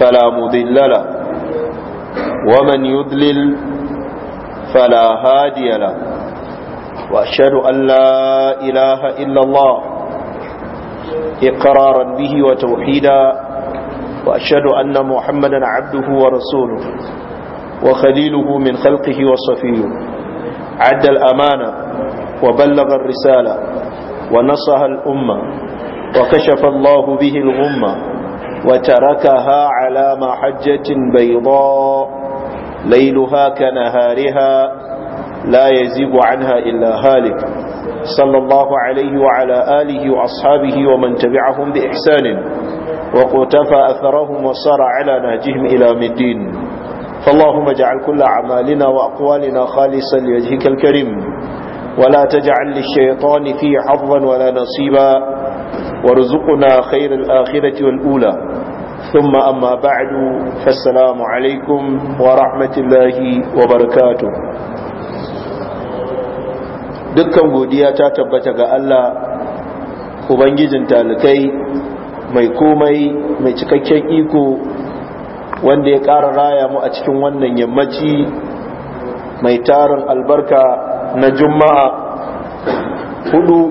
فلا مضل له ومن يضلل فلا هادي له وأشهد أن لا إله إلا الله إقرارا به وتوحيدا وأشهد أن محمدا عبده ورسوله وخليله من خلقه وصفيه عد الأمانة وبلغ الرسالة ونصها الأمة وكشف الله به الغمة وتركها على محجة بيضاء ليلها كنهارها لا يزيب عنها إلا هالك صلى الله عليه وعلى آله وأصحابه ومن تبعهم بإحسان وقتفى أثرهم وصار على نهجهم إلى مدين فاللهم اجعل كل أعمالنا وأقوالنا خالصا لوجهك الكريم ولا تجعل للشيطان فيه حظا ولا نصيبا وارزقنا خير الآخرة والأولى ثم أما بعد فالسلام عليكم ورحمة الله وبركاته dukkan godiya ta tabbata ga Allah ubangijin talikai mai komai mai cikakken iko wanda ya ƙara raya mu a cikin wannan yammaci mai tarin albarka na juma'a hudu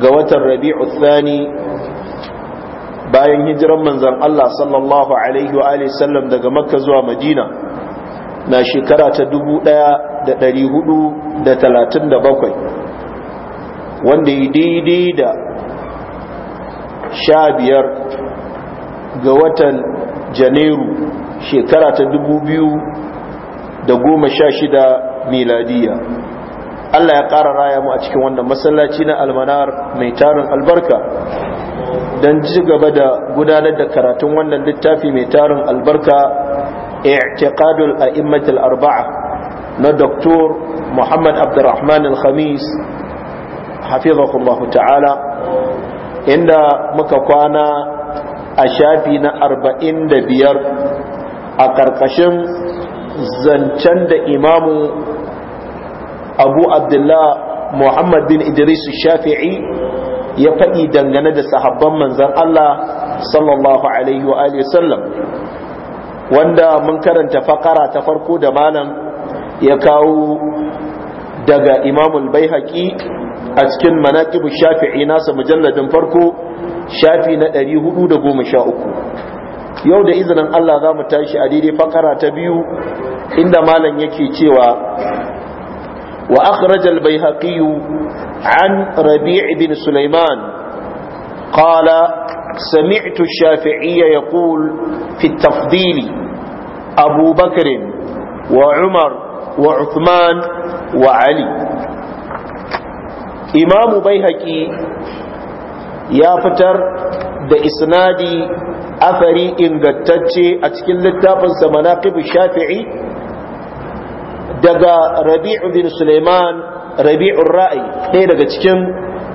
ga watan rabi'u tsani bayan hijiran manzan Allah sallallahu alaihi wa alihi sallam daga makka zuwa madina na shekara ta 1437 wanda yi daidai da sha biyar ga watan janairu shekara ta 2016 miladiya Allah ya ƙara raya mu a cikin wannan masallaci na almanar mai tarin albarka don ci gaba da gudanar da karatun wannan littafi mai tarin albarka i'tiqadul a'immatul arba'a na doktor Muhammad Abdurrahman al-Khamis hafizahullah ta'ala inda muka kwana a shafi na 45 a karkashin zancen da imamu Abu Abdullah Muhammad bin Idris Shafi'i ya faɗi dangane da sahabban manzan Allah sallallahu alaihi wa sallam wanda mun karanta fakara ta farko da malam ya kawo daga imamul baihaqi a cikin manaqibu shafi'i nasa mujalladin farko shafi na 413 yau da izinin Allah za mu tashi a daidai fakara ta biyu inda malam yake cewa وأخرج البيهقي عن ربيع بن سليمان قال سمعت الشافعي يقول في التفضيل أبو بكر وعمر وعثمان وعلي إمام بيهقي يا فتر بإسنادي أفري إن ingantacce أتكلت cikin littafinsa manaqib الشافعي daga rabi'u bin suleiman rabi'un ra'ayi ɗaya daga cikin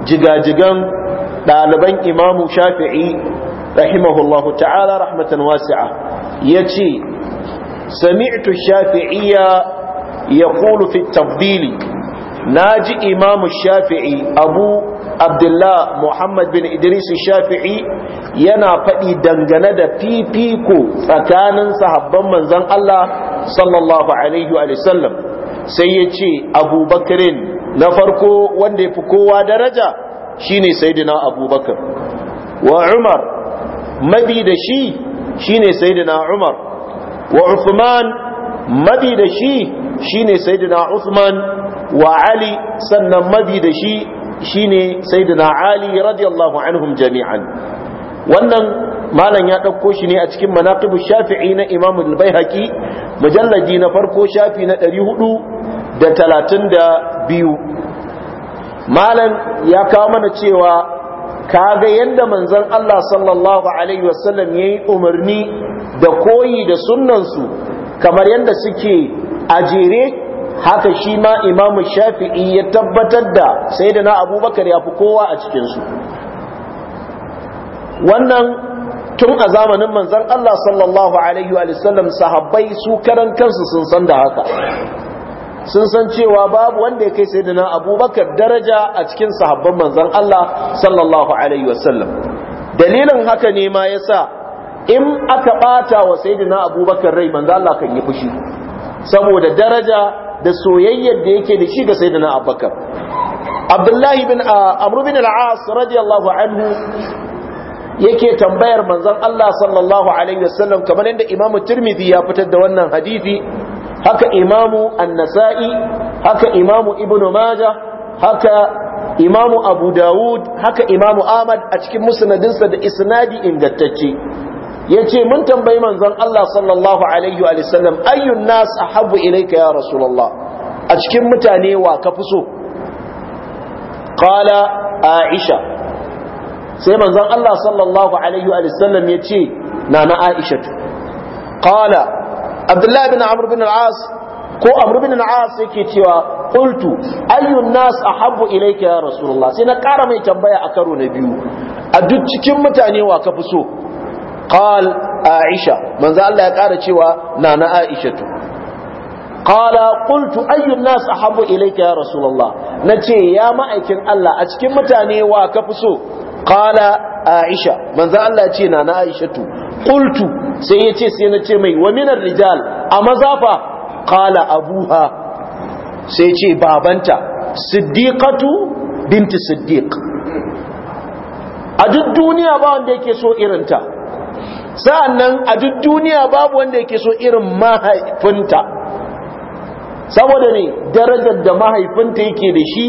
jigajigan ɗaliban imamu shafi'i rahimahullahu ta'ala rahmatan wasi'a ya ce sami'tu shafi'iya ya fi tabbili na ji imamu shafi'i abu abdullah muhammad bin idris shafi'i yana faɗi dangane da fifiko tsakanin sahabban manzon allah sallallahu alaihi wa sallam sai ya ce abubakarin na farko wanda ya fi kowa daraja shine sayyidina abubakar wa umar mabi da shi shine sayyidina umar wa uthman mabi da shi shine sayyidina uthman wa ali sannan mabi da shi shine sayyidina ali radiyallahu anhum jami'an wannan malam ya ɗauko shi ne a cikin manaqibu shafi'i na imam al-baihaqi mujalladi na farko shafi na da da talatin biyu. malam ya kawo mana cewa ka ga yadda manzon Allah sallallahu alaihi wasallam yayi umarni da koyi da sunnansu kamar yadda suke ajere haka shi ma imamu shafi'i ya tabbatar da sai da na abubakar ya fi kowa a cikinsu wannan tun a zamanin manzan Allah sallallahu alaihi wa sahabbai su karan kansu sun san da haka sun san cewa babu wanda ya kai sai da na abubakar daraja a cikin sahabban manzan Allah sallallahu alaihi wa dalilin haka ne ma ya sa in aka ɓata wa sai da na abubakar rai manzan Allah kan yi fushi saboda daraja da soyayyar da yake da shi ga sayyidina abubakar abdullahi bin ah, amru bin al-as radiyallahu anhu yake tambayar manzon Allah sallallahu alaihi wasallam kamar yadda Imamu Tirmidhi ya fitar da wannan hadisi haka Imamu An-Nasa'i haka Imamu Ibn maja haka Imamu Abu Dawud haka Imamu Ahmad a cikin musnadinsa da isnadi ingantacce yace mun tambayi manzon Allah sallallahu alaihi wa sallam ayyun nas ahabbu ilayka ya rasulullah a cikin mutane wa ka fi so qala aisha sai manzon Allah sallallahu alaihi wa sallam yace nana aisha qala abdullah ibn amr ibn al-as ko amr ibn al-as yake cewa qultu ayyun nas ahabbu ilayka ya rasulullah sai na kara mai tambaya a karo na biyu a duk cikin mutane wa ka fi so qal aisha manzo Allah ya ƙara cewa nana aisha tu qala qultu ayyun nas ahabbu ilayka ya rasulullah nace ya ma'aikin Allah a cikin mutane wa kafi so qala aisha manza Allah ya ce nana aisha tu qultu sai yace sai nace mai wa minar rijal a mazafa qala abuha sai ce babanta siddiqatu binti siddiq a duk duniya ba wanda yake so irinta sa'annan a duk duniya babu wanda yake so irin mahaifinta saboda ne darajar da mahaifinta yake da shi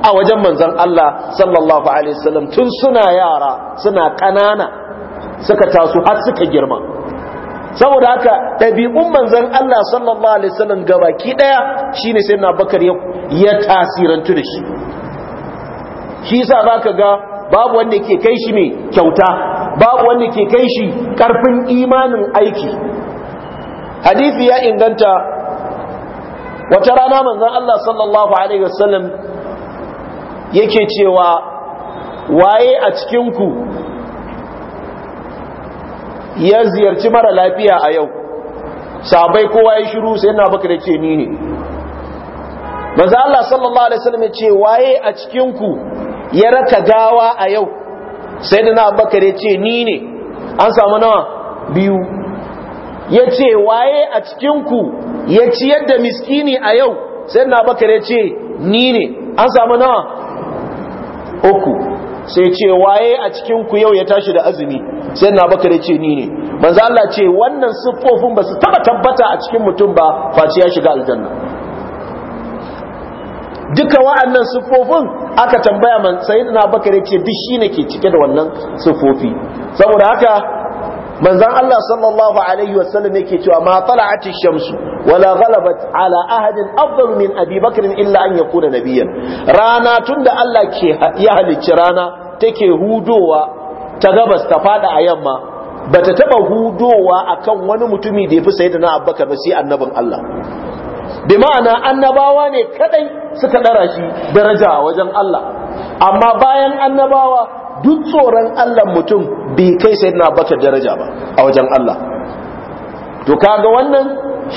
a wajen manzan Allah sallallahu alaihi wasallam tun suna yara suna kanana suka taso har suka girma saboda haka ɗabi'un manzan Allah sallallahu alaihi wasallam gabaki ɗaya shine sai na bakar ya tasirantu da shi shi sa za ka ga babu wanda ke kai shi mai kyauta babu wanda ke kai shi karfin imanin aiki hadisi ya inganta wata rana manzan Allah sallallahu alaihi wasallam yake cewa waye a cikinku ya ziyarci mara lafiya a yau sabai kowa ya shiru sai na baka da ke nini ne Allah sallallahu alaihi wasallam ya ce waye a cikinku ya raka gawa a yau sai da na abubakar ya ce ni ne an samu nawa biyu ya ce waye a cikinku ya ci yadda miskini a yau sai na abubakar ya ce ni ne an samu nawa uku sai ce waye a cikinku yau ya tashi da azumi sai na abubakar ya ce ni ne manzo Allah ce wannan siffofin ba su taba tabbata a cikin mutum ba face ya shiga aljanna duka wa'annan siffofin aka tambaya man sayyidina bakar ce duk shine ke cike da wannan siffofi saboda haka manzon Allah sallallahu alaihi wasallam yake cewa ma tala'ati shamsu wala ghalabat ala ahadin afdal min abi bakr illa an yakuna nabiyyan rana tunda Allah ke ya halicci rana take hudowa ta gabas ta fada a yamma bata taba hudowa akan wani mutumi da yafi sayyidina abubakar ba sai annabin Allah bi ma'ana annabawa ne kadai suka ɗara shi daraja a wajen Allah amma bayan annabawa duk tsoron Allah mutum bai kai sai na baka daraja ba a wajen Allah to kaga wannan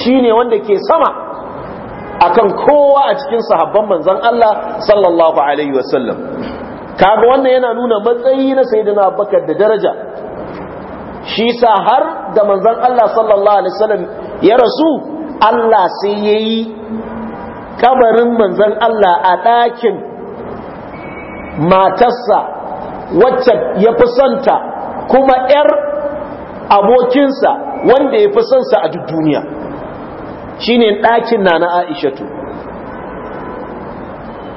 shine wanda ke sama akan kowa a cikin sahabban manzon Allah sallallahu alaihi wasallam kaga wannan yana nuna matsayi na sayyidina Abubakar da daraja shi sa har da manzon Allah sallallahu alaihi wasallam ya rasu Allah sai yayi kabarin manzon Allah a ɗakin matarsa wacce ya fi santa kuma 'yar abokinsa wanda ya fi sonsa a duk duniya shine ɗakin na na aishatu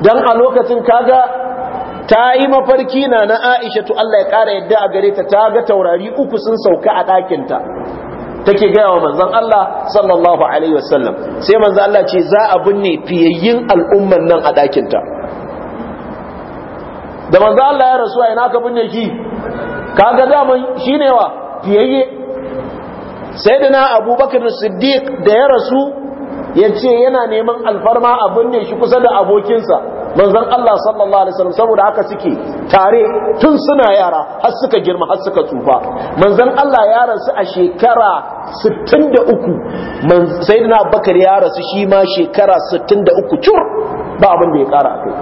don a lokacin kaga ta yi mafarki na na aisha Allah ya ƙara yadda a gare ta ta ga taurari uku sun sauka a ɗakinta take gaya wa manzon Allah sallallahu alaihi wasallam sai manzon Allah ce za a binne fiyayyin al'umman nan a ɗakinta. ta da manzon Allah ya rasu a ina ka binne ki kaga dama shine wa fiyayye sayyidina Abubakar Siddiq da ya rasu yace yana neman alfarma a binne shi kusa da abokinsa manzon Allah sallallahu alaihi wasallam saboda haka suke tare tun suna yara har suka girma har suka tsufa manzon Allah ya rasu a shekara 63 sayyidina Abubakar ya rasu shi ma shekara 63 cur ba abin da ya kara kai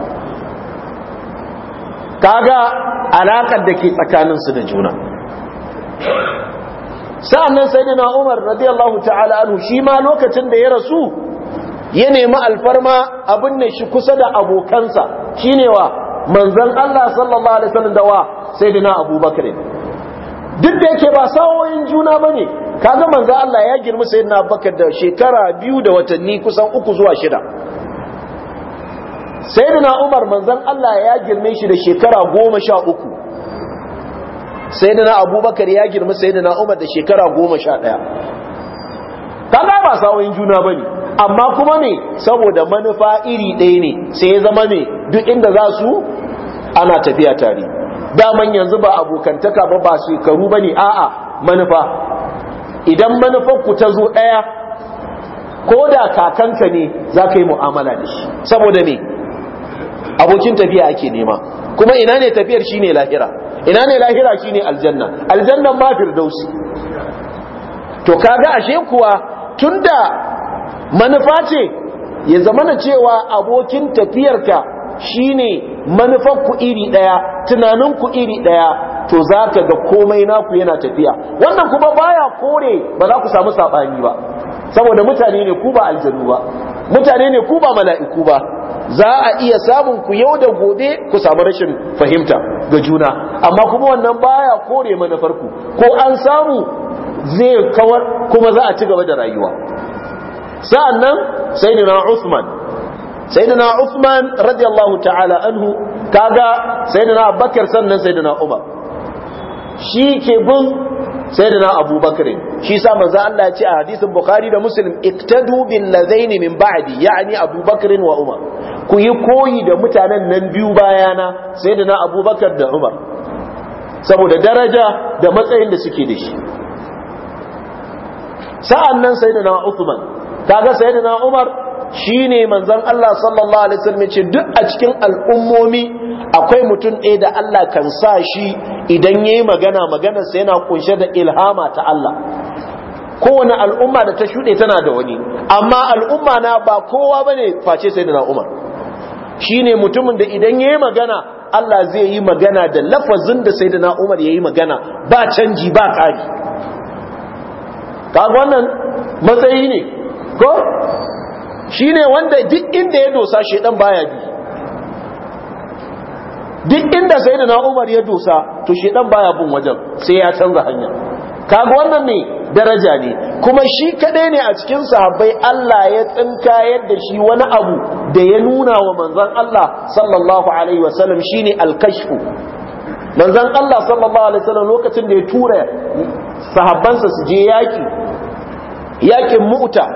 kaga alakar da ke tsakanin su da juna sa'annan sayyidina Umar radiyallahu ta'ala anhu shi ma lokacin da ya rasu ya nemi alfarma abin ne shi kusa da abokansa ne wa manzan Allah sallallahu alaihi wasallam da wa dina Abubakar duk da yake ba sawoyin juna ba ne kaga manzan Allah ya girmi dina Abubakar da shekara biyu da watanni kusan uku zuwa shida dina Umar manzan Allah ya girme shi da shekara goma sha uku dina Abubakar ya girmi dina Umar da shekara goma sha ɗaya kaga ba sawoyin juna bane amma kuma ne saboda manufa iri ɗaya ne sai ya zama ne duk inda za su ana tafiya tare daman yanzu ba abokantaka ba ba shekaru ba ne, a'a manufa idan manufar ku ta zo ɗaya ko da kakanka ne za ka yi mu'amala da shi saboda me abokin tafiya ake nema kuma ina ne tafiyar shine lahira ina ne lahira shine aljanna aljannan ma firdausi to kaga ashe kuwa tunda manufa ce ya zamana cewa abokin tafiyarka shine manufar ku iri daya tunanin ku iri daya to za ka ga komai naku yana tafiya wannan kuma baya kore ba za ku samu saɓani ba saboda mutane ne ku ba aljanu ba mutane ne ku ba mala'iku ba za a iya samun ku yau da gobe ku samu rashin fahimta ga juna amma kuma wannan baya kore manufarku, ko an samu zai kawar kuma za a ci gaba da rayuwa sa'annan sayyidina Uthman sayyidina usman radiyallahu ta'ala anhu kaga sayyidina Abubakar sannan sayyidina Umar shi ke bin sayyidina Abubakar shi sa manzo Allah ce a hadisin Bukhari da Muslim iktadu bil ladaini min ba'di yani Abubakar wa Umar ku yi koyi da mutanen nan biyu bayana sayyidina Abubakar da Umar saboda daraja da matsayin da suke da shi sa'an nan sayyidina Uthman kaga sayyidina Umar shine manzon Allah sallallahu alaihi wasallam ce duk a cikin al'ummomi akwai mutum ɗaya da Allah kan sa shi idan yayi magana magana sa yana kunshe da ilhama ta Allah kowane al'umma da ta shuɗe tana da wani amma al'umma na ba kowa bane face sayyidina Umar shine mutumin da idan yayi magana Allah zai yi magana da lafazin da sai na Umar ya yi magana ba canji ba ƙari kaga wannan matsayi ne ko shine wanda duk inda ya dosa shedan baya bi duk inda sayyidina Umar ya dosa to shedan baya bin wajen sai ya canza hanya kaga wannan ne daraja ne kuma shi kadai ne a cikin sahabbai Allah ya tsinka yadda shi wani abu da ya nuna wa manzon Allah sallallahu alaihi wasallam shine al-kashfu manzon Allah sallallahu alaihi wasallam lokacin da ya tura sahabbansa su je yaki yakin mu'ta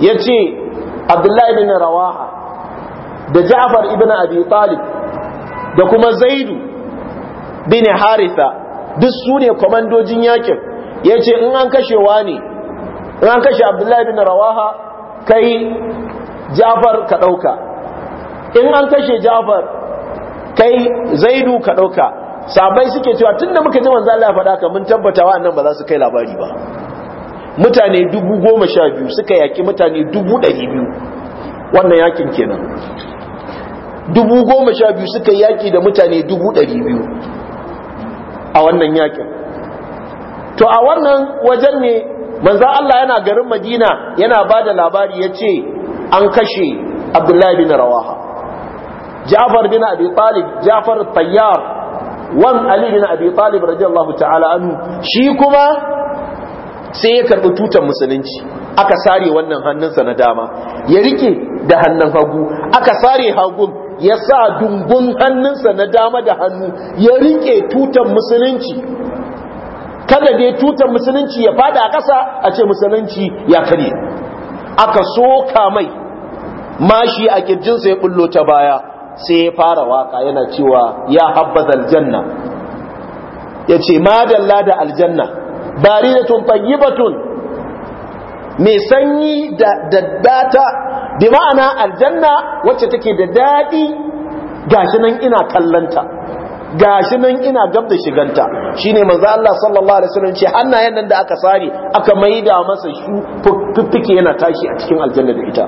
ya ce abdullahi bin rawaha da ja'far ibn abi talib da kuma zaidu bin haritha duk su ne kwamandojin yakin ya ce in an kashewa ne in an kashe abdullahi bin rawaha kai ja'far ka ɗauka in an kashe ja'far kai zaidu ka ɗauka sabai suke cewa tun da muka ji manzo ya faɗa ka mun tabbata wa'annan ba za su kai labari ba mutane dubu goma sha biyu suka yaki mutane dubu ɗari biyu wannan yakin kenan dubu goma sha biyu suka yaki da mutane dubu ɗari biyu a wannan yakin to a wannan wajen ne manzo Allah yana garin Madina yana ba da labari ya ce an kashe Abdullahi bin Rawaha Ja'far bin Abi Talib Ja'far Tayyar wan Ali bin Abi Talib radiyallahu ta'ala anhu shi kuma sai ya karɓi tutar musulunci aka sare wannan hannunsa na dama ya rike da hannun hagu aka sare hagun ya sa dungun hannunsa na dama da hannu ya rike tutar musulunci kada dai tutar musulunci ya fada a ƙasa a ce musulunci ya karye aka soka mai mashi a kirjinsa ya bullo ta baya sai ya fara waka yana cewa ya habba aljanna. ya ce madalla da aljanna baridatun tayyibatun mai sanyi da daddata bi ma'ana aljanna wacce take da daɗi gashi nan ina kallanta gashi nan ina gab da shiganta Shi ne manzo Allah sallallahu alaihi wasallam ce hannayen nan da aka sare aka maida masa shu yana tashi a cikin aljanna da ita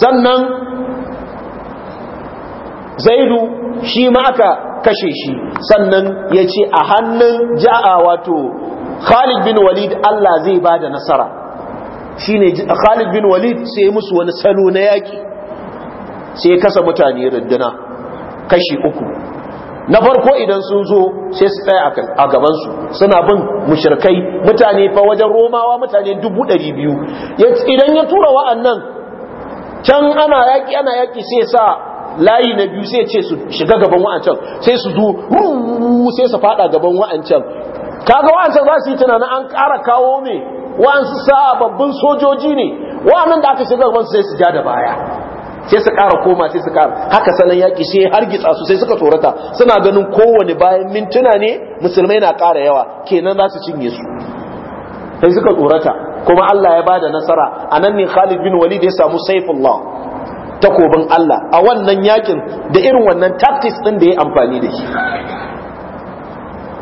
sannan zaidu shi ma aka kashe shi sannan ya ce a hannun ja'a wato Khalid bin Walid Allah zai ba da nasara ne Khalid bin Walid sai musu wani salo na yaki sai ya kasa mutane runduna kashi uku na farko idan sun zo sai su tsaya a gabansu suna bin mushirkai mutane fa wajen romawa mutane dubu ɗari biyu idan ya tura wa'annan can ana yaki ana yaƙi sai sa layi na biyu sai ce su shiga gaban wa'ancan sai su zo sai su fada gaban wa'ancan kaga wa'ancan za su yi tunanin an kara kawo ne wa'ansu sababbin sojoji ne wa'annan da aka shiga gaban su sai su ja da baya sai su ƙara koma sai su ƙara haka salon yaƙi sai har gitsa su sai suka tsorata suna ganin kowane bayan mintuna ne musulmai na kara yawa kenan za su cinye su sai suka tsorata kuma Allah ya bada nasara anan ne Khalid bin Walid ya samu Saifullah takobin Allah a wannan yakin da irin wannan tactics din da ya amfani da shi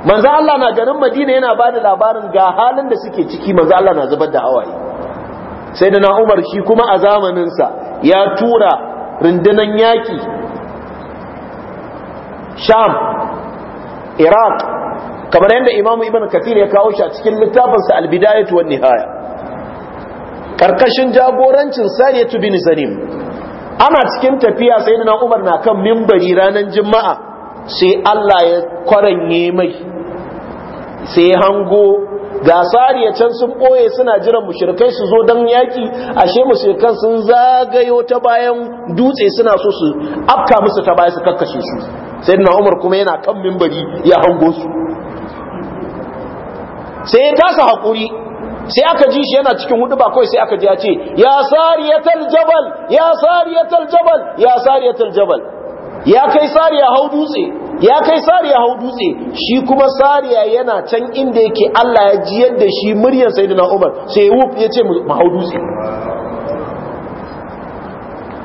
manzo Allah na garin Madina yana bada labarin ga halin da suke ciki manzo Allah na zubar da hawaye sai da na Umar shi kuma a zamanin sa ya tura rundunan yaki Sham Iraq kamar yadda Imam Ibn Kathir ya kawo shi a cikin littafin sa Al-Bidayah wa Nihaya karkashin jagorancin Sayyid bin Zanim ana cikin tafiya sai na umar na kan mimbari ranar juma'a sai Allah ya kwaranye mai sai hango ga ya can sun ɓoye suna jiran mushrikai su zo don yaƙi. ashe mushrikan sun zagayo ta bayan dutse suna so su afka musu ta baya su kakkashe su sai na umar kuma yana kan mimbari ya hango su sai ya tasa haƙuri sai aka ji shi yana cikin hudu ba kawai sai aka ji ya ce ya sariyatar jabal ya sariyatar jabal ya sariyatar jabal ya kai sariya hau dutse ya kai sariya hau dutse shi kuma sariya yana can inda yake Allah ya ji yadda shi muryar sayyidina Umar sai wuf ya ce mu hau dutse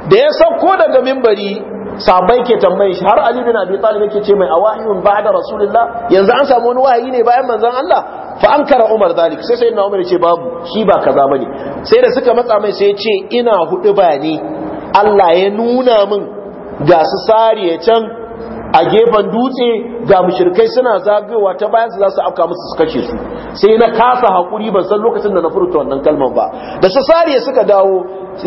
da ya sauko daga mimbari sabai ke tambayi shi har Ali bin Abi ke ce mai awahiyun ba'da Rasulullah yanzu an samu wani wahayi ne bayan manzon Allah fa an kara umar zalik sai sai umar ce babu shi ba kaza bane sai da suka matsa mai sai ya ce ina hudu ba ne Allah ya nuna min ga su sariya can a gefen dutse ga mushrikai suna zagayowa ta bayan su zasu su afka musu su kashe su sai na kasa hakuri ban san lokacin da na furta wannan kalmar ba da su sariya suka dawo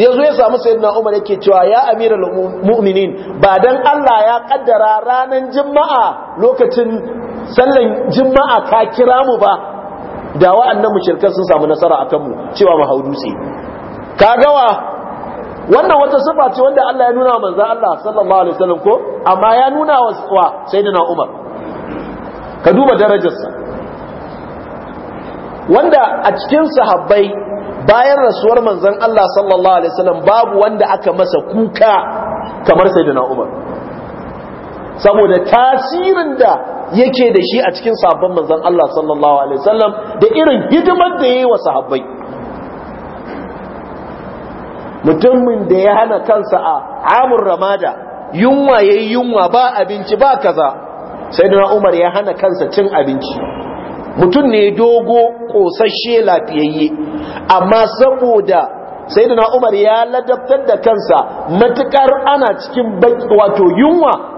ya zo ya samu sayyidina Umar yake cewa ya amiral mu'minin ba dan Allah ya kaddara ranan juma'a lokacin sallan juma'a ka kira mu ba da wa wa'annan mushrikan sun samu nasara akan mu cewa mu Ka dutse kagawa wannan wata sifa ce wanda Allah ya nuna manzo Allah sallallahu alaihi wasallam ko amma ya nuna wa sayyidina Umar ka duba darajarsa wanda a cikin sahabbai bayan rasuwar manzon Allah sallallahu alaihi wasallam babu wanda aka masa kuka kamar sayyidina Umar saboda tasirin da yake da shi a cikin sabon manzan Allah sallallahu alaihi wasallam da irin hidimar da yayi wa sahabbai mutumin da ya hana kansa a amur ramada yunwa ya yi yunwa ba abinci ba kaza sai da Umar ya hana kansa cin abinci mutum ne dogo kosashe lafiyayye amma saboda sai da umar ya ladabtar da kansa matukar ana cikin wato yunwa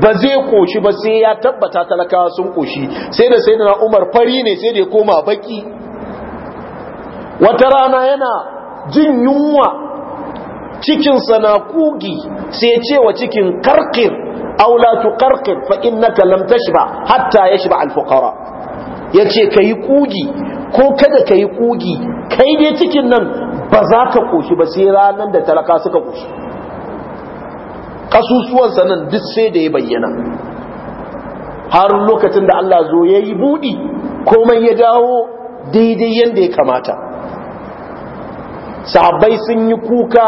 ba zai koshi ba sai ya tabbata talakawa sun koshi sai da sai da umar fari ne sai da ya koma baki wata rana yana jin yunwa cikinsa na kugi sai ce wa cikin karkir aulatu tu karkir fa innaka lam tashba hatta yashba al fuqara yace kai kugi ko kada kai kugi kai dai cikin nan ba za ka koshi ba sai ranan da talaka suka koshi kasusuwansa nan duk sai da ya bayyana har lokacin da Allah zo ya yi buɗi komai ya dawo daidai yadda ya kamata sahabbai sun yi kuka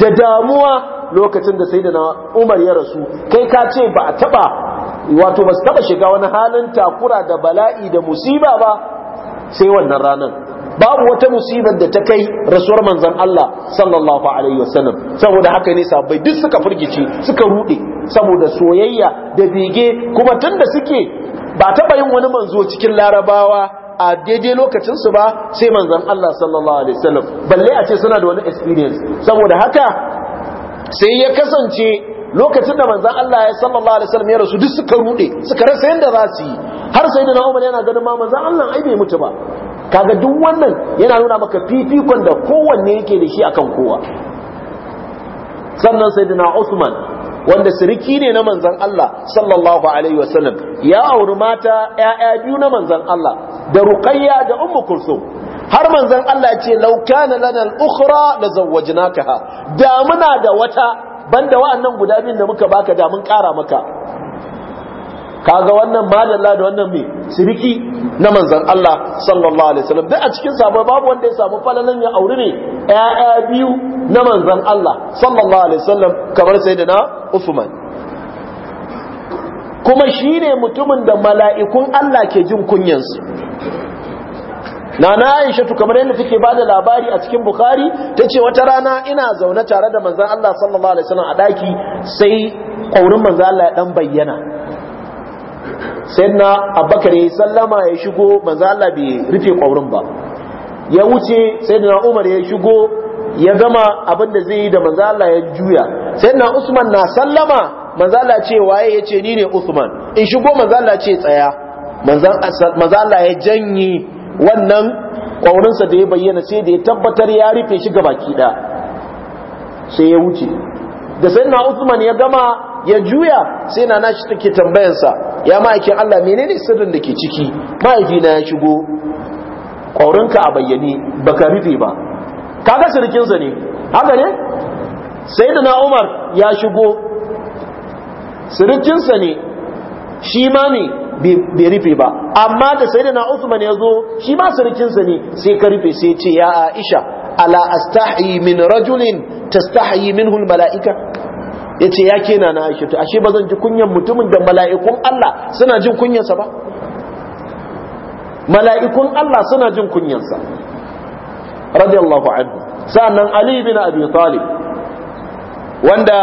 da damuwa lokacin da sai da na umar ya rasu kai ka ce ba a taɓa wato ba su taɓa shiga wani halin takura da bala'i da musiba ba sai wannan ranar babu wata musibar da ta kai rasuwar Manzan Allah sallallahu alaihi wasallam saboda haka ne sahabbai duk suka furgici suka rude saboda soyayya da bege kuma tunda suke ba taba yin wani manzo cikin larabawa a daidai lokacinsu ba sai Manzan Allah sallallahu alaihi wasallam balle a ce suna da wani experience saboda haka sai ya kasance lokacin da manzan Allah ya sallallahu alaihi wasallam ya rasu duk suka rude suka rasa yanda za su yi har sai da Umar yana ganin ma manzan Allah ai bai mutu ba kaga duk wannan yana nuna maka fifikon da kowanne yake da shi akan kowa sannan sai sayyidina Usman wanda siriki ne na manzon Allah sallallahu alaihi wasallam ya auri mata 'ya'ya biyu na manzon Allah da Ruqayya da Ummu Kulsum har manzon Allah ya ce law kana lana al-ukhra la zawwajnakaha da muna da wata banda wa'annan guda biyun da muka baka da mun kara maka kaga wannan madalla da wannan mai siriki na manzan Allah sallallahu alaihi wasallam duk a cikin sabon babu wanda ya samu falalan ya aure ne ƴaƴa biyu na manzan Allah sallallahu alaihi wasallam kamar sayyidina Uthman kuma shine mutumin da mala'ikun Allah ke jin kunyansu Nana Aisha to kamar yadda take bada labari a cikin Bukhari tace wata rana ina zaune tare da manzan Allah sallallahu alaihi wasallam a daki sai kaurin manzan Allah ya dan bayyana na abakar ya sallama ya shigo manzo Allah bai rufe kwaurin ba ya wuce na umar ya shigo ya gama abin da zai yi da manzo Allah ya juya na usman na sallama manzo Allah ce waye ce ni ne usman in shigo manzo Allah ce tsaya manzo Allah ya janye wannan ƙwaurinsa da ya bayyana sai da ya tabbatar ya rufe shi baki ɗaya sai ya wuce da na usman ya gama ya juya sai na nashi take tambayansa, ya ma'aikin Allah menene sirrin da ke ciki mahaifina ya shigo ƙaurinka a bayyane baka rufe ba kaga sirkinsa ne haka ne sai umar ya shigo sirkinsa ne shi ma ne bai rufe ba amma da sai da uthman ya zo shi ma sirkinsa ne sai ka rufe sai ce ya aisha ala astahi min rajulin tastahi minhu mala'ika ya ce ya ke na aisha to ashe ba zan ji kunyan mutumin da mala'ikun Allah suna jin kunyansa ba mala'ikun Allah suna jin kunyansa radiyallahu anhu sa'annan Ali bin Abi Talib wanda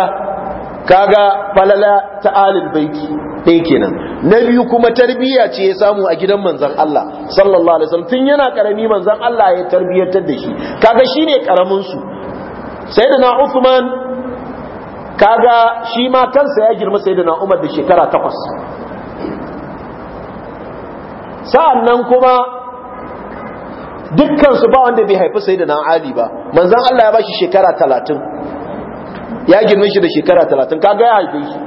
kaga falala ta alil baiti ɗin kenan na biyu kuma tarbiyya ce ya samu a gidan manzan Allah sallallahu alaihi wasallam tun yana karami manzan Allah ya tarbiyyar da shi kaga shine karamin su sayyidina Uthman kaga shi ma kansa ya girma sai na umar da shekara takwas sa'an nan kuma dukkansu ba wanda bai haifi sai na ali ba manzan Allah ya ba shi shekara talatin ya girme shi da shekara talatin kaga ya haife shi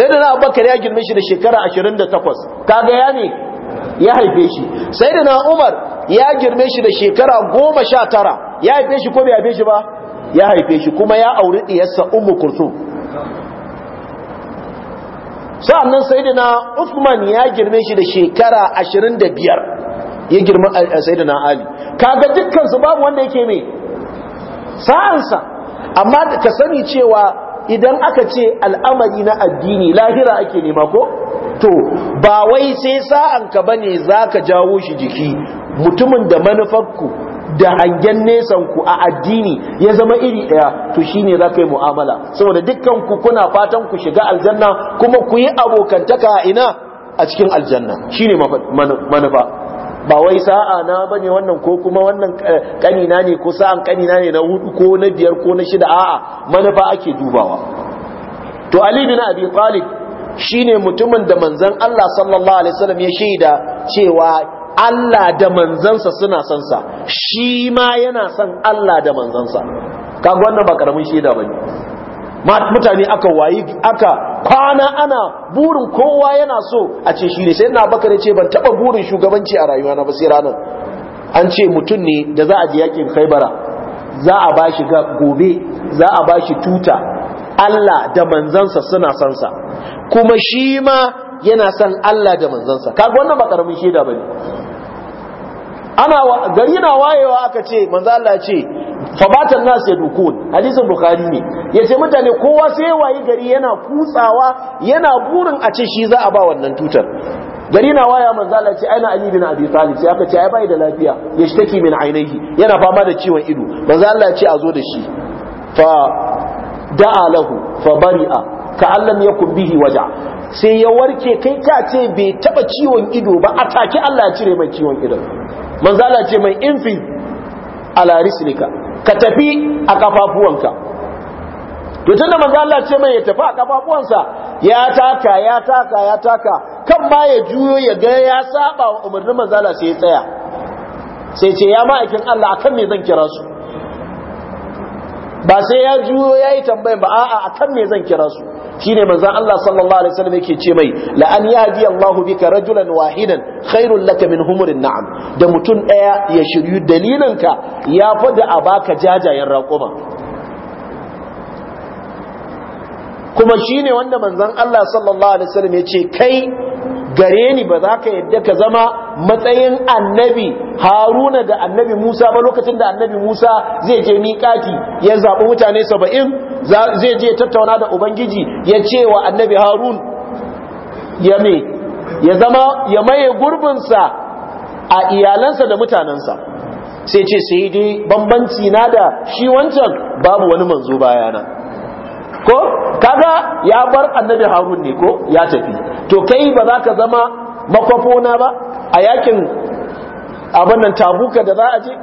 sai da na abubakar ya girme shi da shekara ashirin da takwas kaga ya ne ya haife shi sai da na umar ya girme shi da shekara goma sha tara ya haife shi ko bai haife shi ba ya haife shi kuma ya auri diyarsa Umu kurthum sa'annan saidina Usman ya girme shi da shekara 25 ya girma eh, eh, saidina Ali kaga dukkan babu wanda yake mai sa'ansa amma ka sani cewa idan aka ce al'amari na addini lahira ake nema ko to ba wai sai sa'an ka za ka jawo shi jiki mutumin da manufarku da hangen nesan ku a addini ya zama iri daya to shine za ka yi mu'amala saboda dukkan ku kuna fatan ku shiga aljanna kuma ku yi abokantaka a ina a cikin aljanna shine manufa ba wai sa'a na bane wannan ko kuma wannan kanina eh, ne ko sa'an kanina ne na hudu ko na biyar ko na shida a'a manufa ake dubawa to ali bin abi talib shine mutumin da manzon Allah sallallahu alaihi wasallam ya shaida cewa Allah da manzansa suna son sa shi ma yana son Allah da manzansa kaga wannan ba karamin shaida bane mutane aka wayi aka kwana ana burin kowa yana so a ce shi ne sai na bakare ce ban taba burin shugabanci a rayuwa na ba sai ranar an ce mutum ne da za a ji yakin khaibara za a bashi ga gobe za a bashi tuta Allah da manzansa suna son kuma shi ma yana son Allah da manzansa kaga wannan ba karamin shaida bane ana gari na wayewa aka ce manzo Allah ya ce fa batan nas dukun hadisin bukhari ne yace mutane kowa sai wayi gari yana kutsawa yana burin a ce shi za a ba wannan tutar gari na waya manzo Allah ce aina Ali bin Abi Talib sai aka ce ai bai da lafiya ya shi take min ainihi yana fama da ciwon ido manzo Allah ce a zo da shi fa da'a lahu fa bari'a ka allam yakun bihi waja sai ya warke kai ta ce bai taba ciwon ido ba a take Allah ya cire mai ciwon ido manzala ce mai infi ala rislika ka tafi a kafafuwanka to tunda manzala ce mai ya tafi a kafafuwansa ya taka ya taka ya taka kan ma ya juyo ya ga ya saba wa umarnin manzala sai ya tsaya sai ce ya ma'aikin Allah akan me zan kira su ba sai ya juyo ya yi tambayin ba a'a akan me zan kira su shine manzon Allah sallallahu alaihi wasallam yake ce mai la an Allahu bika rajulan wahidan khairul laka min humurin na'am da mutum daya ya shiryu ka ya fada a baka jajayen raƙuma kuma shine wanda manzon Allah sallallahu alaihi wasallam ce kai gare ni ba za ka yadda ka zama matsayin annabi haruna da annabi musa ba lokacin da annabi musa zai je mikati ya zaɓi mutane saba'in zai je tattauna da ubangiji ya ce wa annabi harun ya me ya zama ya maye gurbinsa a iyalansa da mutanensa sai ce sai dai bambanci na da shi wancan babu wani manzo bayana ko kaga ya bar annabi harun ne ko ya tafi to kai ba za ka zama makwafona ba a yakin abanan tabuka da za a je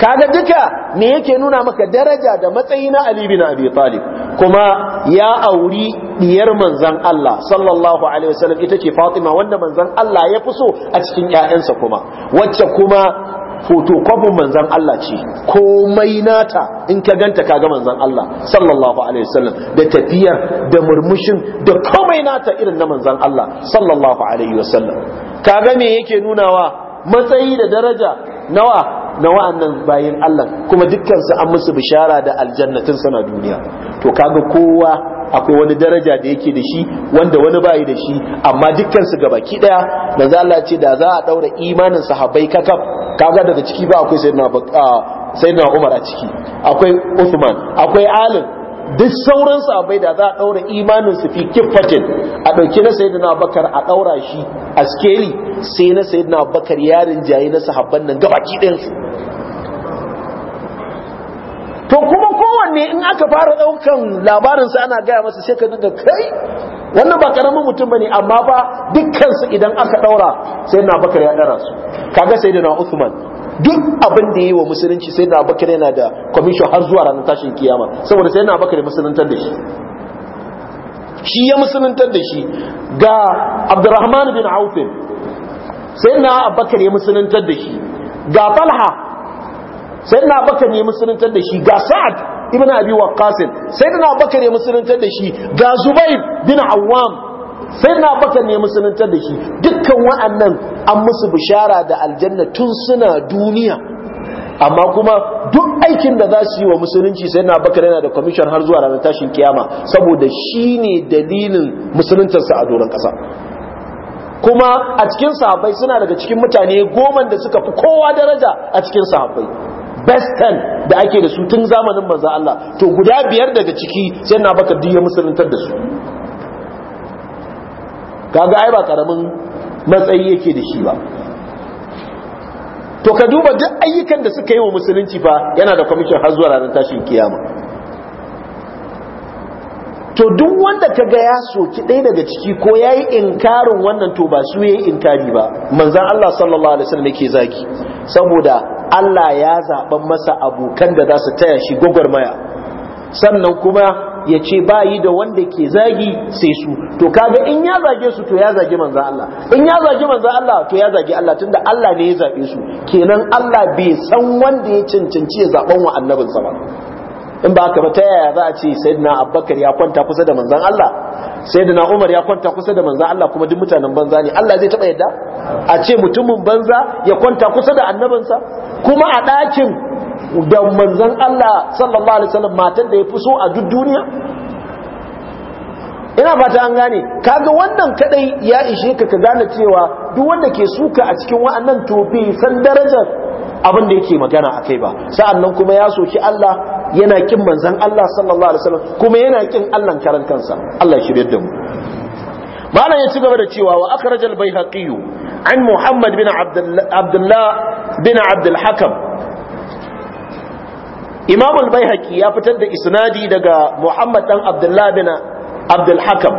kaga duka me yake nuna maka daraja da matsayi na Ali bin Abi Talib kuma ya auri diyar manzon Allah sallallahu alaihi wasallam ita ce Fatima wanda manzon Allah ya fi so a cikin ƴaƴansa kuma wacce kuma fotokofin manzan Allah ce komai nata in ka ganta kaga manzan Allah sallallahu alaihi wasallam da tafiyar da murmushin da komai nata irin na manzan Allah sallallahu alaihi wasallam kaga me yake nunawa matsayi da daraja nawa na wa'annan bayin Allah kuma dukkan su an musu bishara da aljannatin sana duniya to kaga kowa akwai wani daraja da yake da shi wanda wani bai da shi amma dukkan su gabaki daya za Allah ce da za a daura imanin sahabbai kakaf kaga daga ciki ba akwai sayyidina Umar a ciki akwai Uthman akwai Ali duk sauran sahabbai da za a daura imanin su fi kiffatin a dauki na sayyidina Abubakar a daura shi a skeli sai na sayyidina Abubakar yarin jayi na sahabban nan gabaki dayan su to kowanne in aka fara daukan labarinsa ana gaya masa sai ka dinga kai wannan ba karamin mutum bane amma ba dukkansu idan aka daura sai na bakar ya dara su kaga sai da na Usman, duk abin da yi wa musulunci sai na bakar yana da commission har zuwa ranar tashin kiyama saboda sai na bakar musuluntar da shi shi ya musuluntar da shi ga Abdurrahman bin Auf sai na Abubakar ya musuluntar da shi ga Talha sai na bakar ya musuluntar da shi ga Sa'ad ibn abi waqqas sayyidina abubakar ya musuluntar da shi ga zubair bin awwam sayyidina abubakar ne musuluntar da shi dukkan wa'annan an musu bishara da aljanna tun suna duniya amma kuma duk aikin da za su yi wa musulunci sai na bakar yana da kwamishin har zuwa ranar tashin kiyama saboda shi ne dalilin musuluntarsa a doron kasa kuma a cikin sahabbai suna daga cikin mutane goma da suka fi kowa daraja a cikin sahabbai Best bestan da ake da su tun zamanin maza Allah to guda biyar daga ciki sai na baka diya musuluntar da su kaga ai ba karamin matsayi yake da shi ba to ka duba duk ayyukan da suka yi wa musulunci fa yana da kwamishin har zuwa ranar tashin kiyama to duk wanda ka ga ya soki ɗaya daga ciki ko ya yi inkarin wannan to ba su yayi inkari ba manzan Allah sallallahu alaihi wasallam yake zaki saboda Allah ya zaɓan masa abokan da za su taya shi gwagwarmaya sannan kuma ya ce ba yi da wanda ke zagi sai su to kaga in ya zage su to ya zage manzan Allah in ya zage manzan Allah to ya zage Allah tunda Allah ne ya zaɓe su kenan Allah bai san wanda ya cancanci ya zaɓan wa annabinsa ba in ba ka ba yaya za a ce sayyidina abubakar ya kwanta kusa da manzan Allah sayyidina umar ya kwanta kusa da manzan Allah kuma duk mutanen banza ne Allah zai taba yadda a ce mutumin banza ya kwanta kusa da annabinsa kuma a ɗakin da manzan Allah sallallahu alaihi wasallam matan da ya fi so a duk duniya ina fata an gane kaga wannan kadai ya ishe ka ka gane cewa duk wanda ke suka a cikin wa'annan tofi san darajar abin da yake magana akai ba sa'annan kuma ya soki Allah yana kin manzan Allah sallallahu alaihi wasallam kuma yana kin Allah karan kansa Allah ya shiryar da mu malam ya ci gaba da cewa wa akhrajal baihaqi an muhammad bin abdullah bin abdul hakam imam al baihaqi ya fitar da isnadi daga muhammad dan abdullah bin abdul hakam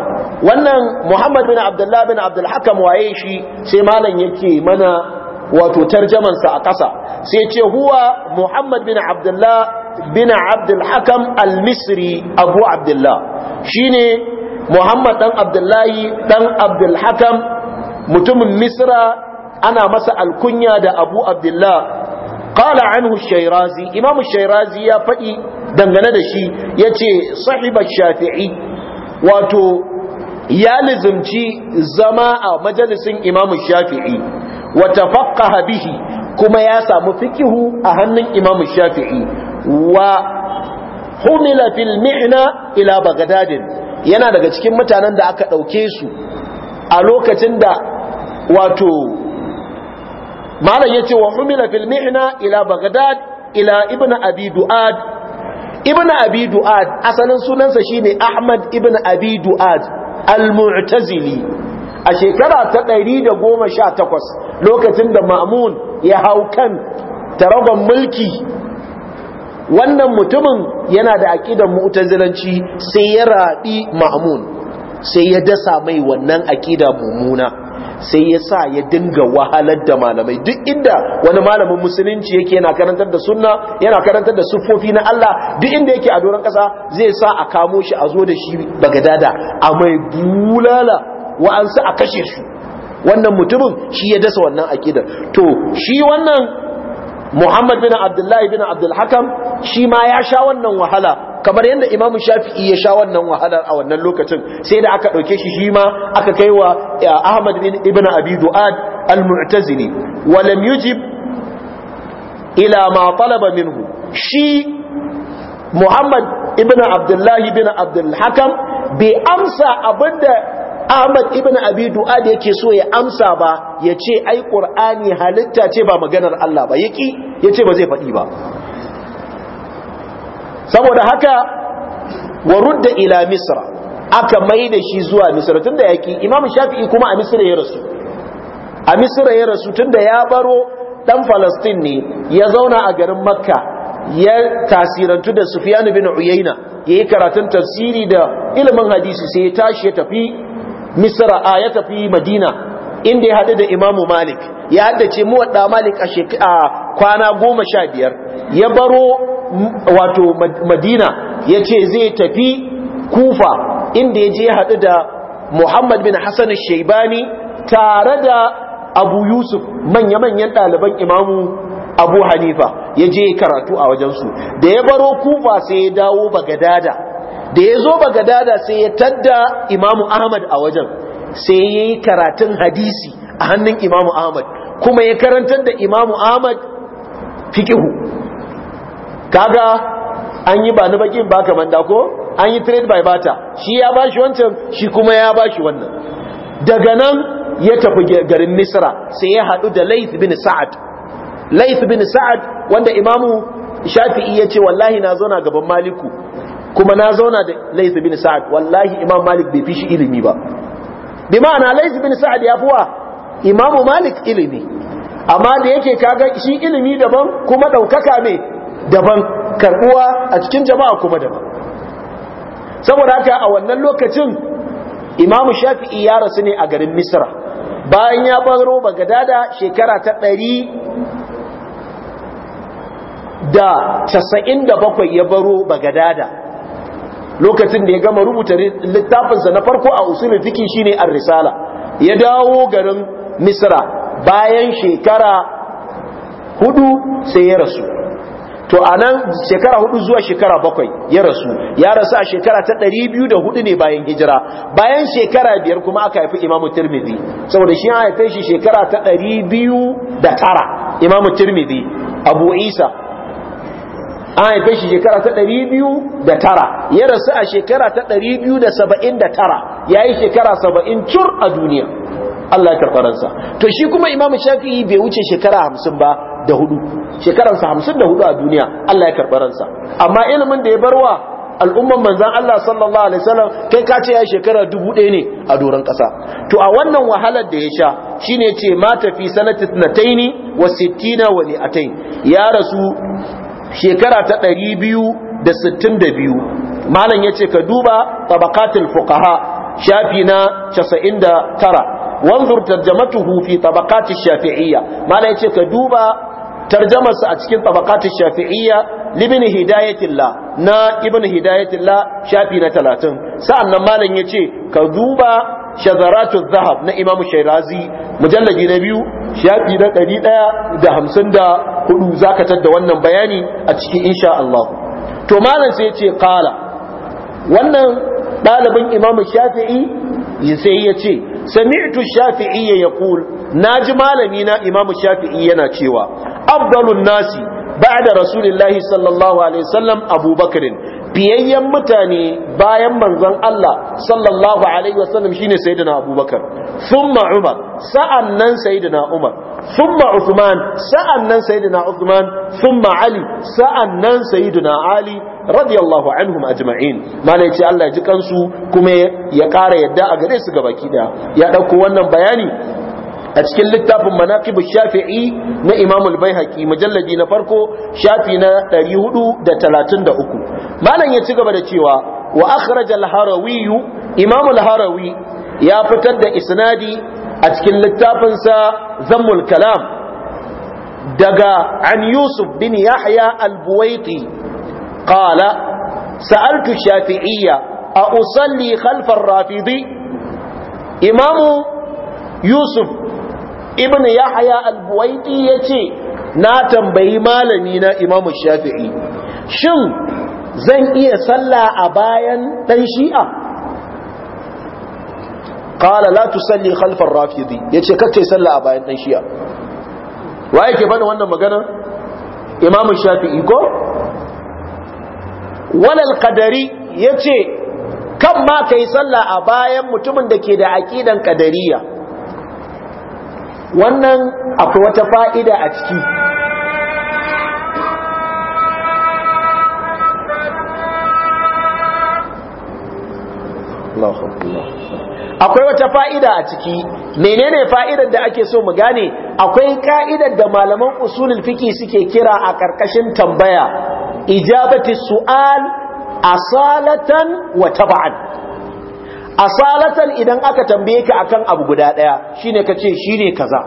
wannan muhammad bin abdullah bin abdul hakam waye shi sai malam yake mana wato tarjamansa a ƙasa sai ce huwa muhammad bin abdullah bin abdulhakam al-misri abu abdullah shine muhammad dan abdullahi dan abdulhakam mutumin misra ana masa alkunya da abu abdullah قال عنه الشيرازي إمام الشيرازي يا فئي دنغنا دشي يتي صاحب الشافعي واتو ya lizimci zama a majalisin imamu shafi'i wa tafaqqaha bihi kuma ya samu fikihu a hannun imamu shafi'i wa humila fil mi'na ila bagadadin yana daga cikin mutanen da aka ɗauke su a lokacin da wato ya ce wa humila fil mi'na ila bagadad ila ibn abi duad ibn abi duad asalin sunansa shine ahmad ibn abi duad al-mu'tazili a shekara ta 118 lokacin da ma'mun ya hau kan taraban mulki wannan mutumin yana da aƙidar mu'tazilanci sai ya raɗi ma'mun sai ya dasa mai wannan aƙida mumuna. sai ya sa ya dinga wahalar da malamai duk inda wani malamin musulunci yake yana karantar da sunna yana karantar da siffofi na Allah duk inda yake a doron kasa zai sa a kamo shi a zo da shi dada a mai bulala wa'ansu a kashe su wannan mutumin shi ya dasa wannan akidar to shi wannan Muhammad bin Abdullahi bin Abdul shi ma ya sha wannan wahala kamar yadda imam shafi'i ya sha wannan wahalar a wannan lokacin sai da aka ɗauke shi shi ma aka kai wa ahmad bin ibn abi du'ad al-mu'tazili wa lam yujib ila ma talaba minhu shi muhammad ibn abdullahi bin abdul hakam bai amsa abinda Ahmad ibn Abi Du'ad yake so ya amsa ba yace ai Qur'ani halitta ce ba maganar Allah ba yaki yace ba zai faɗi ba saboda haka wa da ila misra aka mai da shi zuwa misra tunda yaki imam shafi'i kuma a misra ya rasu a misra ya rasu tunda ya baro dan falastin ne ya zauna a garin makka ya tasirantu da sufyan bin uyayna yayi karatun tafsiri da ilimin hadisi sai ya tashi ya tafi misra a ya tafi madina inda ya haɗu da imamu malik ya haddace muwadda malik a kwana goma sha biyar ya baro wato madina ya ce zai tafi kufa inda ya je haɗu da muhammad bin hassan shaibani tare da abu yusuf manya-manyan ɗaliban imamu abu hanifa ya je karatu a wajensu da ya baro kufa sai ya dawo bagadada da ya zo bagadada sai ya tadda imamu ahmad a wajen sai ya yi karatun hadisi a hannun imamu ahmad kuma ya karantar da imamu ahmad fikihu kaga an yi ba na bakin ba kamar da ko an yi trade by barter shi ya bashi wancan shi kuma ya bashi wannan daga nan ya tafi garin nisra sai ya haɗu da laith bin sa'ad laith bin sa'ad wanda imamu shafi'i ya ce wallahi na zauna gaban maliku kuma na zauna da laith bin sa'ad wallahi imam malik bai fi shi ilimi ba bi ma'ana laith bin sa'ad ya fuwa imamu malik ilimi amma da yake kaga shi ilimi daban kuma ɗaukaka ne daban karbuwa a cikin jama'a kuma daban saboda haka a wannan lokacin imamu shafi'i ya rasu ne a garin misra bayan ya baro bagadada shekara ta ɗari da casa'in da bakwai ya baro bagadada lokacin da ya gama rubuta littafinsa na farko a usulun fiki shine an risala ya dawo garin misra bayan shekara hudu sai ya rasu to a nan shekara hudu zuwa shekara bakwai ya rasu ya rasu a shekara ta ɗari biyu da hudu ne bayan hijira bayan shekara biyar kuma aka haifi imamu tirmidhi saboda shi an haife shi shekara ta ɗari biyu da tara imamu tirmidhi abu isa an haife shi shekara ta ɗari biyu da tara ya rasu a shekara ta ɗari biyu da saba'in da tara ya yi shekara saba'in cur a duniya Allah ya karɓaransa to shi kuma imamu shafi'i bai wuce shekara hamsin ba da hudu shekaransa hamsin da hudu a duniya Allah ya karɓi ransa amma ilimin da ya barwa al'umman manzan Allah sallallahu alaihi wasallam kai ka ce ya shekara dubu ɗaya ne a doron ƙasa to a wannan wahalar da ya sha shine ce ma tafi sanati tnataini wa sittina wa mi'atain ya rasu shekara ta ɗari biyu da sittin da biyu malam ya ce ka duba tabaqatul fuqaha shafi na casa'in da tara wanzur tarjamatuhu fi tabaqati shafi'iyya malam ya ce ka duba tarjamarsa a cikin tabaqatu shafi'iyya libin hidayatillah na ibn hidayatillah shafi na 30 nan malam yace ka duba shazaratu zahab na imamu shairazi mujalladi na biyu shafi na ɗari ɗaya da hamsin da hudu za ka wannan bayani a cikin insha Allah to malam sai ce ƙala wannan ɗalibin imamu shafi'i sai yace, sami'tu shafi'i ya na ji malami na imamu shafi'i yana cewa afdalun nasi ba'da rasulillahi sallallahu alaihi wasallam Abubakar biyayyen mutane bayan manzon Allah sallallahu alaihi wasallam shine sayyidina abubakar thumma umar sa'annan sayyidina umar thumma uthman sa'annan sayyidina uthman thumma ali sa'annan sayyidina ali radiyallahu anhum ajma'in malai ce Allah ya ji kansu kuma ya kara yadda a gare su gabaki daya ya dauko wannan bayani a cikin littafin manaqibu shafi'i na imam al-baihaqi mujalladi na farko shafi na 433 malam ya ci gaba da cewa wa akhraj al-harawi imam al-harawi ya fitar da isnadi a cikin littafinsa zammul kalam daga an yusuf bin yahya al-buwaiti qala sa'altu shafi'iyya a usalli khalfar rafidi imamu yusuf ibn yahya al-buwaiti yace na tambayi malami na imam shafi'i shin zan iya sallah a bayan dan shi'a qala la tusalli khalf ar-rafidi yace kace sallah a bayan dan shi'a waye ke bada wannan magana imam shafi'i ko wal al-qadari yace kan ma kai sallah a bayan mutumin da ke da aqidan qadariyya wannan akwai wata fa'ida a ciki akwai wata fa'ida a ciki menene fa'idar da ake so mu gane akwai ka'idar da malaman usulul fiki suke kira a ƙarƙashin tambaya ijabati su'al asalatan wa taba'an asalatan idan aka tambaye ka akan abu guda daya shine kace shine kaza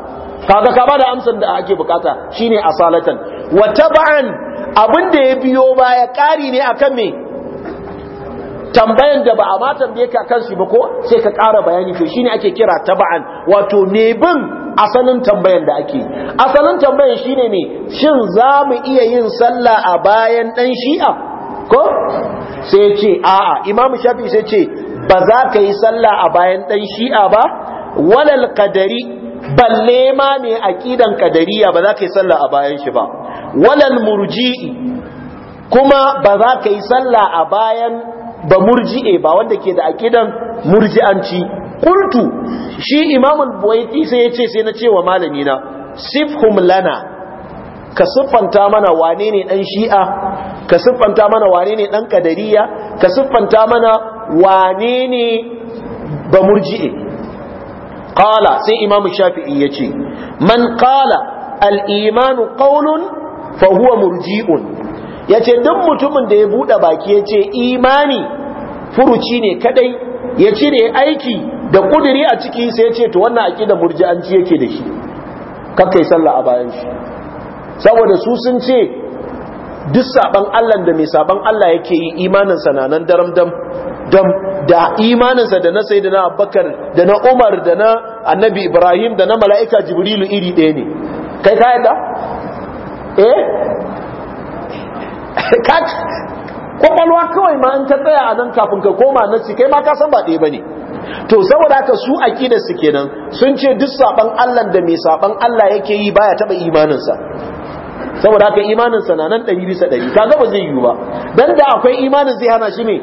kaga ka bada amsar da ake bukata shine asalatan wa tab'an abin da ya biyo baya kari ne akan me tambayan da ba a ma tambaye ka akan shi ba ko sai ka ƙara bayani to shine ake kira tab'an wato ne bin asalin tambayan da ake asalin tambayan shine ne shin za mu iya yin sallah a bayan dan shi'a ko sai ce a'a imamu shafi sai ce ba za ka yi sallah a bayan ɗan shi'a ba walal kadari balle ma mai aƙidan kadariya ba za ka yi sallah a bayan shi ba walal murji'i kuma ba za ka yi sallah a bayan ba murji'e ba wanda ke da aƙidan murji'anci kultu shi imamul buwaiti sai ya ce sai na ce wa malami na sifhum lana ka siffanta mana wane ne dan shi'a ka siffanta mana wane ne dan kadariya ka siffanta mana wane ne ba murji'i? qala sai imamu shafi'i ce man qala al’imanu imanu fahuwa fa huwa murji'un yace duk mutumin da ya buɗe baki ya ce imani furuci ne kadai ya cire aiki da ƙudiri a ciki sai ya ce to wannan an murji'anci yake da shi Kakai sallah a bayan shi saboda su sun ce duk saban Allah da mai saban Allah yake yi imaninsa na nan daram dam dam da imaninsa da na sayyidina Abubakar da na Umar da na Annabi Ibrahim da na mala'ika Jibrilu iri ɗaya ne kai ka yadda eh kwakwalwa kawai ma an ta tsaya a nan kafin ka koma nan kai ma ka san ba ɗaya ba ne to saboda haka su su kenan sun ce duk saban Allah da mai saban Allah yake yi baya taɓa imaninsa saboda haka imanin sa nan ɗari bisa ɗari, kaga ba zai yiwu ba dan da akwai imanin zai hana shi ne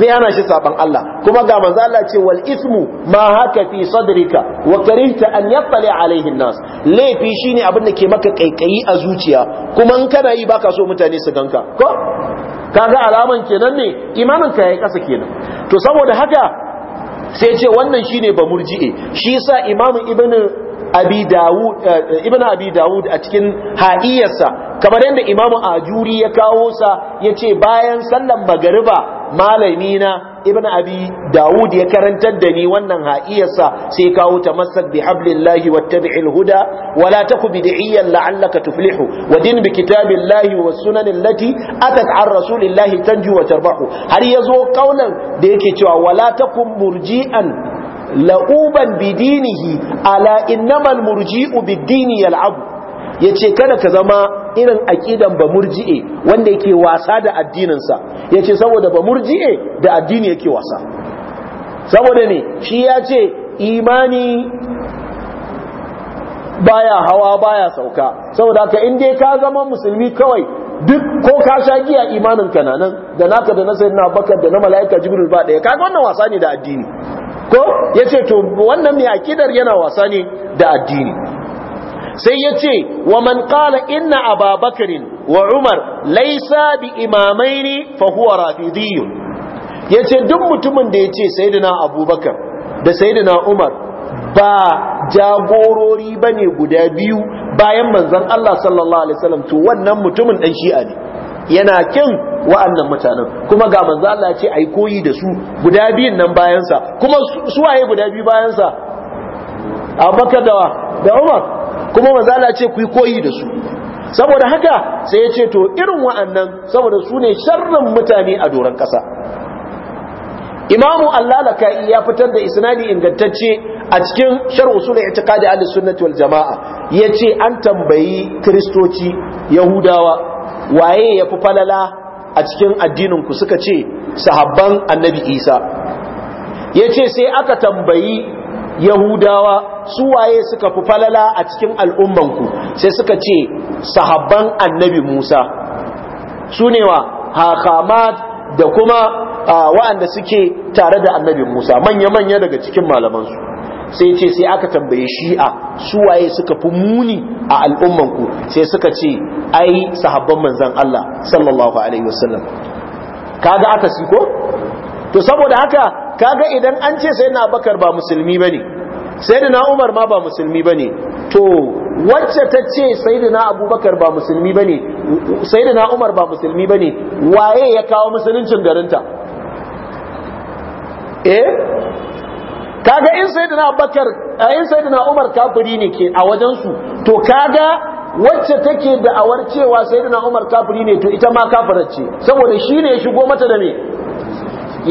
zai hana shi saban Allah kuma ga manzo Allah ce wal ismu ma haka fi sadrika wa karihta an yattali alaihi nas laifi shine abin da ke maka kaikayi a zuciya kuma in kana yi baka so mutane su ganka ko kaga alaman kenan ne imanin ka yayi kasa kenan to saboda haka sai ce wannan shine ba murji'e shi yasa imamu ibnu Eh, eh, ibn abi dawud a cikin ha'iyarsa kamar yadda imamu ajuri ya kawo sa ya ce bayan sallan magariba malami na ibn abi dawud ya karantar da ni wannan ha'iyarsa sai kawo ta masar bi hablillahi wattabi'il huda wala taku bid'iyyan la'allaka tuflihu wa din bi kitabillahi wa sunanin lati atat an rasulillahi tanju wa tarbahu har yazo kaulan da yake cewa wala taku murji'an la'uban bidinihi ala innamal murji'u bidini yal'abu yace kada ka zama irin aqidan ba murji'e wanda yake wasa da addininsa yace saboda ba murji'e da addini yake wasa saboda ne shi yace imani baya hawa baya sauka saboda haka in dai ka zama musulmi kawai duk ko ka sha giya imanin ka nan da naka da na sayyidina bakar da na malaika jibril ba daya kaga wannan wasa ne da addini ko yace ce to wannan mai akidar yana wasa ne da addini sai yace ce wa man qala inna ababakarin wa umar laisa bi imamaini fa huwa rafidiyyu ya duk mutumin da ya ce sayyidina abubakar da sayyidina umar ba jagorori bane guda biyu bayan manzon Allah sallallahu alaihi wasallam to wannan mutumin dan shi'a ne yana kin wa'annan mutanen kuma ga manzo Allah ya ce ai koyi da su guda biyun nan bayansa kuma su waye guda biyu bayansa Abubakar da da Umar kuma manzo Allah ya ce ku yi koyi da su saboda haka sai ya ce to irin wa'annan saboda su ne sharrin mutane a doron ƙasa imamu allalaka'i ya fitar da isnadi ingantacce a cikin sharh usul i'tiqadi al-sunnah wal jama'a yace an tambayi kristoci yahudawa waye ya fi falala a cikin addinin suka ce sahabban annabi isa ya ce sai aka tambayi yahudawa su waye suka fi falala a cikin al'ummanku sai suka ce sahabban annabi musa su newa wa hakamad da kuma ah, waɗanda suke tare da annabi musa manya-manya daga cikin malamansu sai ce sai aka tambaye shi'a su waye suka fi muni a al'ummanku sai suka ce ai sahabban manzan Allah sallallahu alaihi wasallam kaga aka si ko to saboda haka kaga idan an ce sai na bakar ba musulmi bane sai da na umar ma ba musulmi bane to wacce ta ce sai da na abubakar ba musulmi bane sai da na umar ba musulmi bane waye ya kawo musuluncin garinta eh kaga in sayyidina abubakar in sayyidina umar kafiri ne ke a wajen su to kaga wacce take da awar cewa sayyidina umar kafiri ne to ita ma kafirace ce saboda shi ne ya shigo mata da me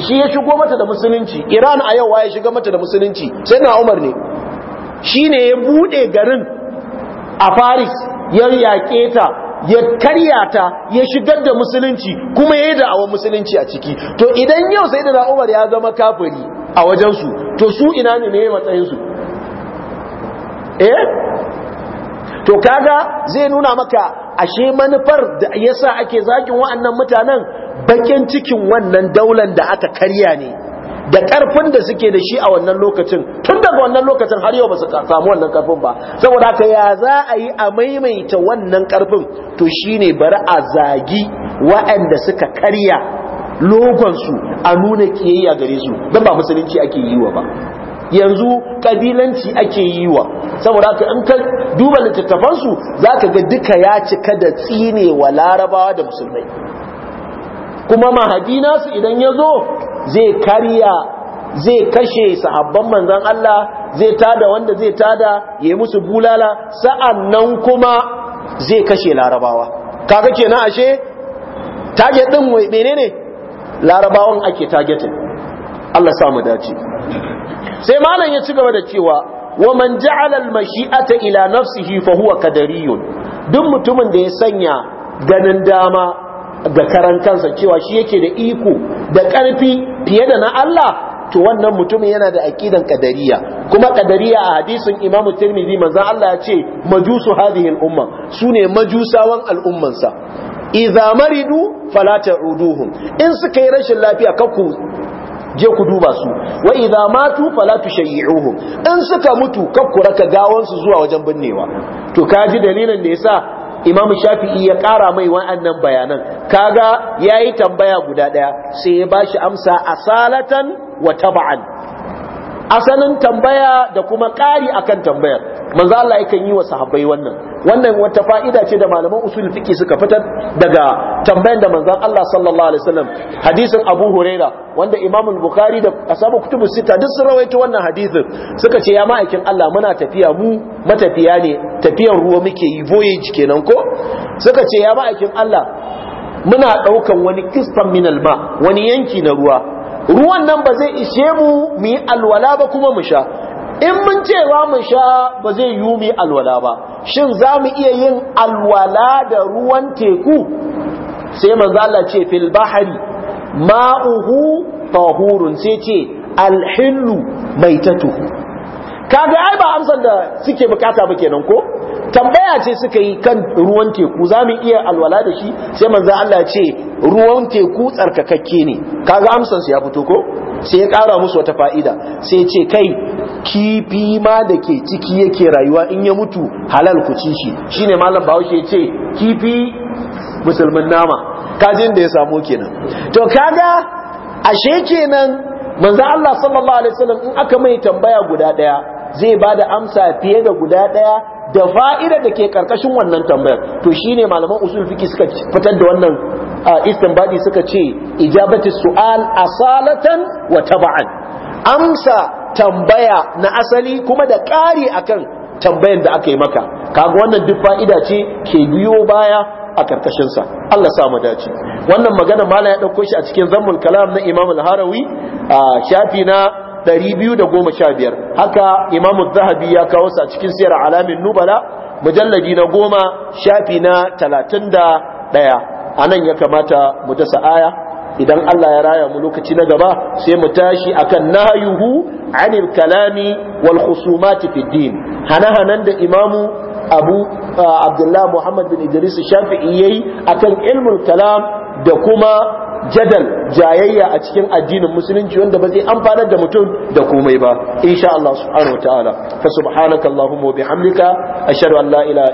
shi ya shigo mata da musulunci iran a yau ya shiga mata da musulunci sayyidina umar ne shi ne ya bude garin a paris ya yaƙe ta ya karya ta ya shigar da musulunci kuma ya yi da'awar musulunci a ciki to idan yau sayyidina umar ya zama kafiri a wajensu to su ina ne ne matsayinsu eh to kaga zai nuna maka ashe manufar da yasa ake zakin wa'annan mutanen bakin cikin wannan daular da aka karya ne da karfin da suke da shi a wannan lokacin tun daga wannan lokacin har yau ba su samu wannan karfin ba saboda haka ya za a yi a maimaita wannan karfin to shine bari a zagi wa'anda suka karya logonsu a nuna kiyayya gare su don ba musulunci ake yi wa ba yanzu kabilanci ake yi wa saboda ka in ka duba littattafansu za ka ga duka ya cika da tsine wa larabawa da musulmai kuma mahadi nasu idan ya zo zai karya zai kashe sahabban manzan Allah zai tada wanda zai tada ya yi musu bulala nan kuma zai kashe larabawa kaga kenan ashe target din menene larabawan ake targetin Allah samu dace sai malam ya ci gaba da cewa wa man ja'ala al-mashi'ata ila nafsihi fa huwa qadariyun duk mutumin da ya sanya ganin dama ga karan kansa cewa shi yake da iko da ƙarfi fiye da na Allah to wannan mutumin yana da aqidan qadariya kuma qadariya a hadisin Imam Tirmidhi manzo Allah ya ce majusu hadhihi al-umma sune majusawan al'ummansa idza maridu fala ta'uduhum in suka yi rashin lafiya kakku je ku duba su wa idza matu fala tushayyi'uhum in suka mutu kakku raka gawan su zuwa wajen binnewa to ka ji dalilin da yasa Imam Shafi'i ya kara mai wa'annan bayanan kaga yi tambaya guda daya sai ya bashi amsa asalatan wa tab'an asalin tambaya da kuma ƙari akan tambayar manzo Allah yakan yi wa sahabbai wannan wannan wata fa'ida ce da malaman usul fiki suka fitar daga tambayan da manzon Allah sallallahu alaihi wasallam hadisin Abu Huraira wanda Imam Bukhari da Asabu kutubu sita duk sun rawaito wannan hadisin suka ce ya ma'aikin Allah muna tafiya mu matafiya ne tafiyan ruwa muke yi voyage kenan ko suka ce ya ma'aikin Allah muna daukan wani kisfan minal ma wani yanki na ruwa ruwan nan ba zai ishe mu mu yi alwala ba kuma mu sha in mun ce za mu sha ba zai yi mu alwala ba shin za mu iya yin alwala da ruwan teku sai manzala ce fil bahari ma'uhu tahurun sai ce alhillu mai tatuhu kaga ai ba amsar da suke bukata ba kenan ko tambaya ce suka yi kan ruwan teku za mu iya alwala da shi sai manzan Allah ce ruwan teku tsarkakakke ne kaga amsar amsansu ya fito ko sai ya kara musu wata fa'ida sai ce kai kifi ma da ke ciki yake rayuwa in ya mutu halal ku ci shi shine malam bahaushe ya ce kifi musulmin nama kajin da ya samu kenan to kaga ashe kenan manzo Allah sallallahu alaihi wasallam in aka mai tambaya guda daya zai bada amsa fiye da guda daya da fa'ida da ke karkashin wannan tambayar to shine malaman usul suka fitar da wannan ah, istinbadi suka ce ijabati su'al asalatan wa taba'an amsa tambaya na asali kuma da ƙari akan tambayan da aka yi maka kaga wannan duk fa'ida ce ke biyo baya a karkashinsa Allah sa mu dace wannan magana mala ya ɗauko shi a cikin zammul kalam na imam al-harawi a shafi na 215 haka imam zahabi ya kawo sa cikin siyar alamin nubala mujalladi na goma shafi na 31 a nan ya kamata mu dasa aya idan Allah ya raya mu lokaci na gaba sai mu tashi akan nahyuhu anil kalami wal khusumati fi din hana-hanan da imamu abu abdullah muhammad bin idris shafi'i yayi akan ilmul kalam da kuma jadal jayayya a cikin addinin musulunci wanda ba zai amfanar da mutum da komai ba insha Allah subhanahu wa ta'ala fa subhanakallahumma wa bihamdika ashhadu an la ilaha